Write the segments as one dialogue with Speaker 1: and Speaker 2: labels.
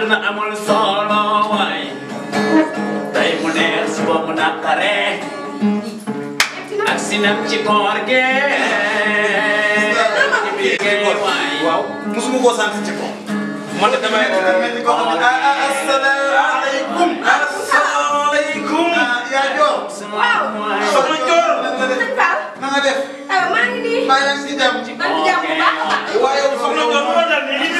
Speaker 1: àdduna amul solo waay tey mu neex suba mu naqare ak sinam ci koor ge waaw musuma koo sant ci ko man damay mel ni ko xam asalaamaaleykum asalaamaaleykum yaa joor soxna joor na nga def maa ngi nii maa ngi si jàmm ci waaye soxna joor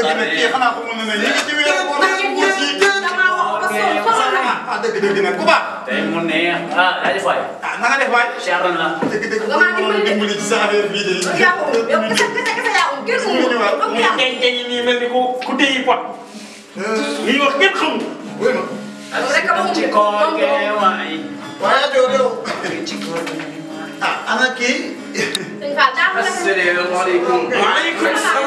Speaker 1: dëgg nag kii xanaa ko mën na ñu ngi ci weeru koor ak nguur gi. damaa wax ba sonn sonn na. ah dëgg dëgg nag ku baax. tey mu neex ah daa def waay. ah na nga def waay. siyaar na. dëgg dëgg bu ma mën a dimbali ci sa affaire bii de. yaa ko yow kese kese kese yaa ko gën mu ñëw mu ñëw ngeen ngeen ñi mel ni ku ku téye pot. ñuy wax kenn xamul. wéy ma.
Speaker 2: rek a ci koor ge
Speaker 1: waay. waaye doo doo. ci koor ge waay. ah ana kii. asalaamaaleykum. waaleykum salaam.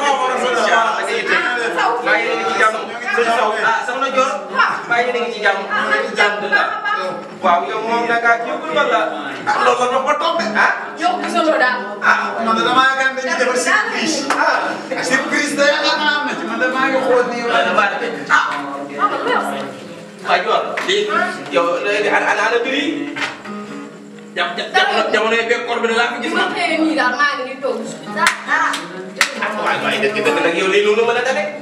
Speaker 1: ah jor, bayi ning jijang. Jijang dulu. Wow, yo ngomong kaki ku bala. Kalau lo nopo top, ha? Yo Ah, mana nama kan dia jadi Ah, sirkris dia kan nama, cuma nama yang kuat ni. Mana mana. Ah, apa lo? Bajor, di yo anak-anak biri. Jam jam jam mulai biar korban lagi gitu. Mana ini dah mana itu hospital. Ah, aku agak kita lagi oleh lulu mana tadi?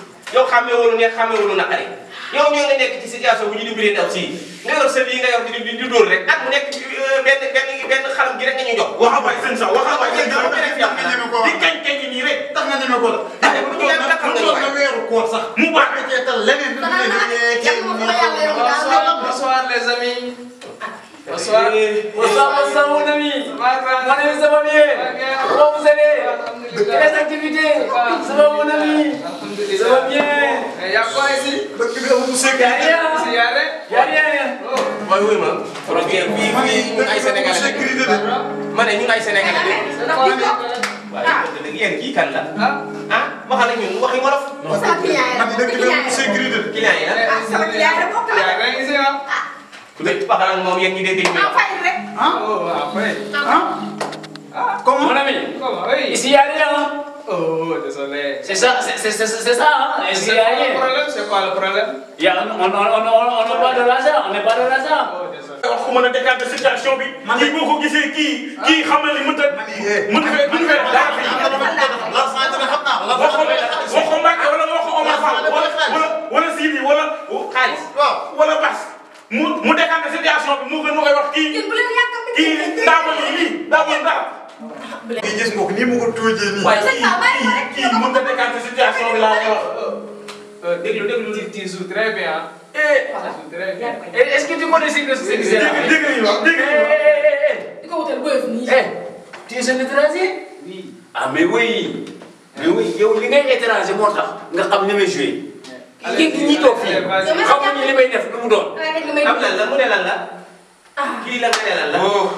Speaker 1: yow xàmmee wala nekk xàmmee wala naqari yow ñoo nga nekk ci situation bu ñu dimbalee ndaw si nga yor sëb yi nga yor di di dóor rek at mu nekk benn benn benn xalam gi rek nga ñu jox. waxal waay seen sax waxal waay seen sax di kañ kañ nii rek tax nga ko la. bu ñu yàgg taxal nga ñu waay weeru koor sax. mu baax nga cee tal leneen. dana la jàpp nga yàlla Bonsoir. Bonsoir, bonsoir mon ami. Mon ami, ça va bien Comment vous allez Quelles activités Ça va mon ami Ça va bien Il y a quoi ici Il n'y a rien. Il n'y a rien. Il n'y a rien. Oui, oui, man. Orang dia, oui, oui, ay Sénégalais. Mana ñu ay Sénégalais. Waaye dëgg yéen kii kan la? Ah, waxal ak ñun waxi wolof. Non, client yi la. Client yi la. Vous ci pas ah comment. mon ami. comment y a oh désolé. c'est ça c'est c'est y a rien. c'est le problème. on on on on pas de l'argent on n'est pas de On a situation de qui amul dara. nga gis nga ko nii mu ko tuujee nii. waaye kii kii kii mënut a décanté situation bi laa e wax. Euh, euh, déglu déglu tu tu joues très bien. Eh, eh, est-ce que tu connais ce que c'est. dégg dégg wax dégg di ko wutal booy nii. tu es un étranger. oui ah mais li ngay étranger moo tax nga xam ni may joué. Eh. allez ñi toog fii xamuñu li may def lu mu doon. am lan la mu ne lan la. Ah. la nga ne lan la. Oh.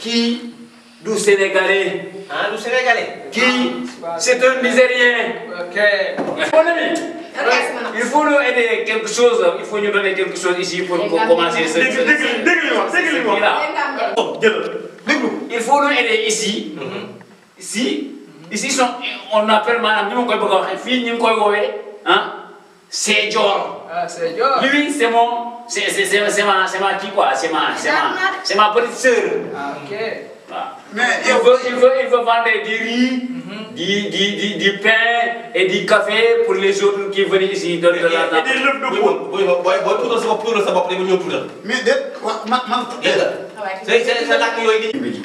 Speaker 1: kii. du Sénégalais. Hein? du Sénégalais. Qui ah. C'est un Nigérien. Ok. Mon ami, il faut nous aider quelque chose, il faut nous donner quelque chose ici pour commencer ce Il faut nous aider ici. Mm-hmm. Ici, ici on appelle madame, nous avons fille, nous avons hein, c'est Dior. Ah, c'est Dior. Lui, c'est mon, c'est ma, c'est ma qui quoi, c'est ma, c'est ma, c'est ma petite sœur. Ah, ok. Mais il veut, il veut, il veut vendre du riz, mm -hmm. du, du, du, du, pain et du café pour les jeunes qui venaient ici donner de l'argent. Il est de Oui, oui, oui, tout ça, c'est pour le les gens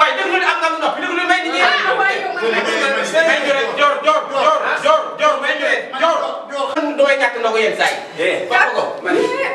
Speaker 1: waaye déglu leen am na noppi déglu leen may nit ñi. ah waaye yow may nit joor joor joor joor joor may nit joor. Ah. man damay ñàkk ndogu yenn saa yi. jàpp eh. ko man. Eh.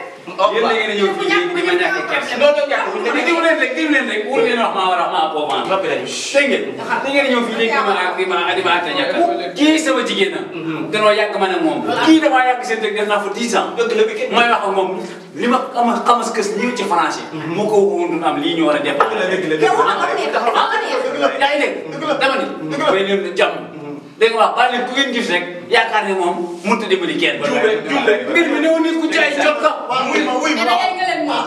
Speaker 1: yéen da ngeen a ñëw fii ma ñàkk kenn. non non ñàkk bu ñu demee déglu leen rek déglu leen rek wóor ngeen wax maa war a ko ma noppi lañu dégg ngeen da ngeen ñëw fii léegi ma ak di ma di ma atta ñàkk kii sama jigéen na mm-hmm. danoo yàgg ma ne moom kii damaa yàgg seen dëgg def naa fa 10 ans dëgg la bi kenn may wax ak moom li ma am xamas kës ñëw ci français mm-hmm. moo ko woon am lii ñu war a def dëgg la dëgg la dëgg la yaa ngi dégg dama ni bay leen jàmm mm-hmm. dégg nga wax baal leen ku ngeen gis rek yaakaar ne moom mënut a dimbali kenn mbir mi néew nit ku jaay jot ka wuy ma wuy ma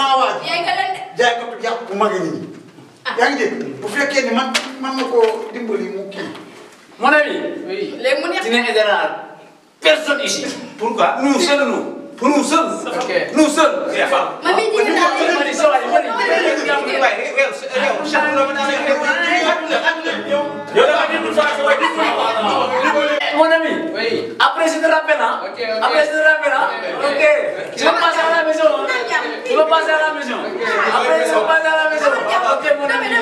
Speaker 1: ah, jaay ko yàpp bu mag yi ngi ya? iya, bu fekke ni man man nako dimbali mu ki mon ami. les mon mu nekk général personne ici. pourquoi nous seuls nous. pour nous seuls. ok nous seuls. ma bi ñu naan ma di sa waay ma di sa waay yow Cheikh Ndomi daal yow yow yow dafa déglu sa waay déglu sa waay. mon ami. oui après je te rappelle ah. ok ok après je te rappelle ah. ok je passe à la maison. je passer à la maison. après je passer à la maison. ok mon ami.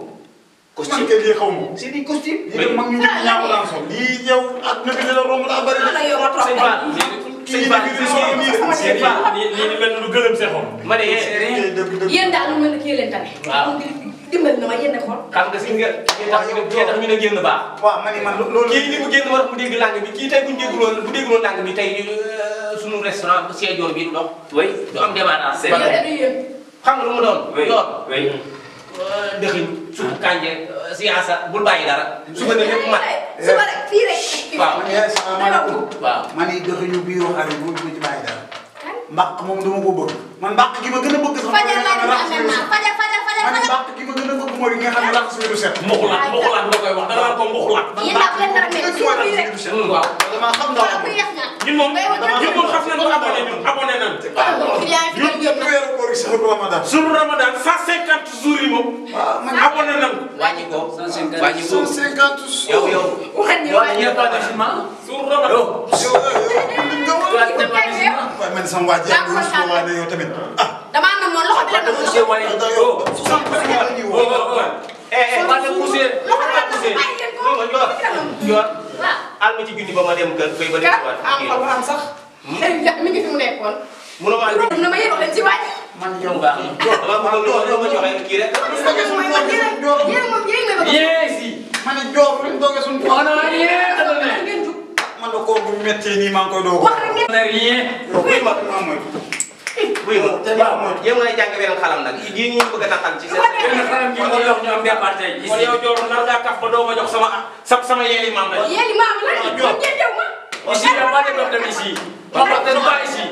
Speaker 1: costume man lii xaw ma. c'est des costumes. lii mag ñu ñëpp ñaaw daan sol. lii yow ak na bi la romb daa bëri. la yow a toog sëñ Ba sëñ Ba lii mel lu gëlëm sexoon. ma ne yéen daal lu mel ni kii leen tamit. waaw dimbali na ma yéen xool. xam nga si nga kii tax ñu ne génn baax. waaw man man loolu kii li mu génn war mu dégg làng bi kii tey bu ñu déggul woon bu déggul woon làng bi tey suñu restaurant bu Seejoor bi du dox. oui du am démarrage. xam nga lu mu doon. oui dëxin suuf kànje siyaasa bul bàyyi dara. suba ne ma mat suba rek fii rek. waaw man yaa sama maanaam waaw man yi dëxinu dara. mbàq moom dama ko bëgg. man mbàq gi ma gën a bëgg sax. fajar laa gën a amee naa fajar fajar fajar. man mbàq gi ma gën a la ko mboxulaat. yéen a damaa xam ndaw amul ñun moom ñun moom xam nañu ko abonné ñun abonné nañu. ñun ñun weeru koor suñu ramadan. suñu ramadan 150 jours yi moom. abonné nañu ko. wàññi ko 150 jours 150 jours. yow yow. wàññi wàññi yow suñu ramadan. yow man sama waa ji ak yow tamit ah. damaa ne moom loxo bi la doon. waaw waaw waaw al ma ci junni ba ma dem kër bay ba dem ci waat am xol bu am sax hmm? mi ngi fi mu nekkoon mënoo ma na ma yéen wax ci waaj man yow baax na do ma joxe kii rek yéesi ma ne joor luñ doge suñ ko ana yéen man ko bu metti nii maa ngi koy doog wax rek ne rien wuy ma yow ngay jàng beneen xalam nag yi ñu bëgg a taxal ci seen beneen xalam gi ñu jox ñu am départ tey kon yow joor nar ngaa kaf ba doo ma jox sama sa sama Iya, maam la yeeli maam la jox ñeew ma aussi la ba Iya, dox dem ici ma ba de ba ici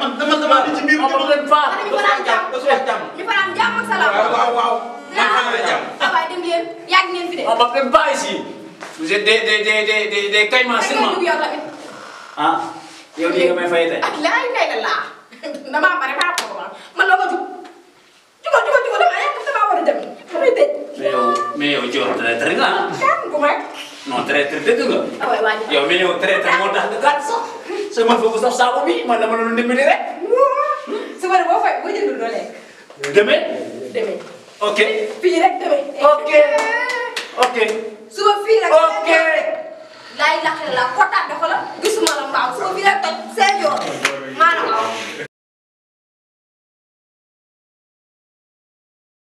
Speaker 1: man dama dama Iya, mbir ñu ko leen fa ñu faram jàmm ñu faram jàmm Iya, faram jàmm ak salaam waaw waaw man xam na jàmm waaw Iya, leen yàgg ngeen fi de ma ba de ba ici vous Iya, des des des des des des caïmans seulement ah yow ni Iya, may fay ak laay ngay la damaa pare maa ko ma man la ko jug jugo jugo jugo damaa yàq damaa war a dem damay tëj. mais yow mais yow Dior traître nga ah. kan ku may. non traître dëgg nga. ah waay waay yow mais yow traître moo tax nga gàtt sax. sama foofu sax saako bi man dama doon dimbali rek. suba boo fay boo jëndul doo lekk. demee. demee. ok. fii rek demee. ok ok. suba fii rek. ok. laay laxle la kontaan dafa la gisuma la mbaaw suba fii rek toj seen yoon maanaam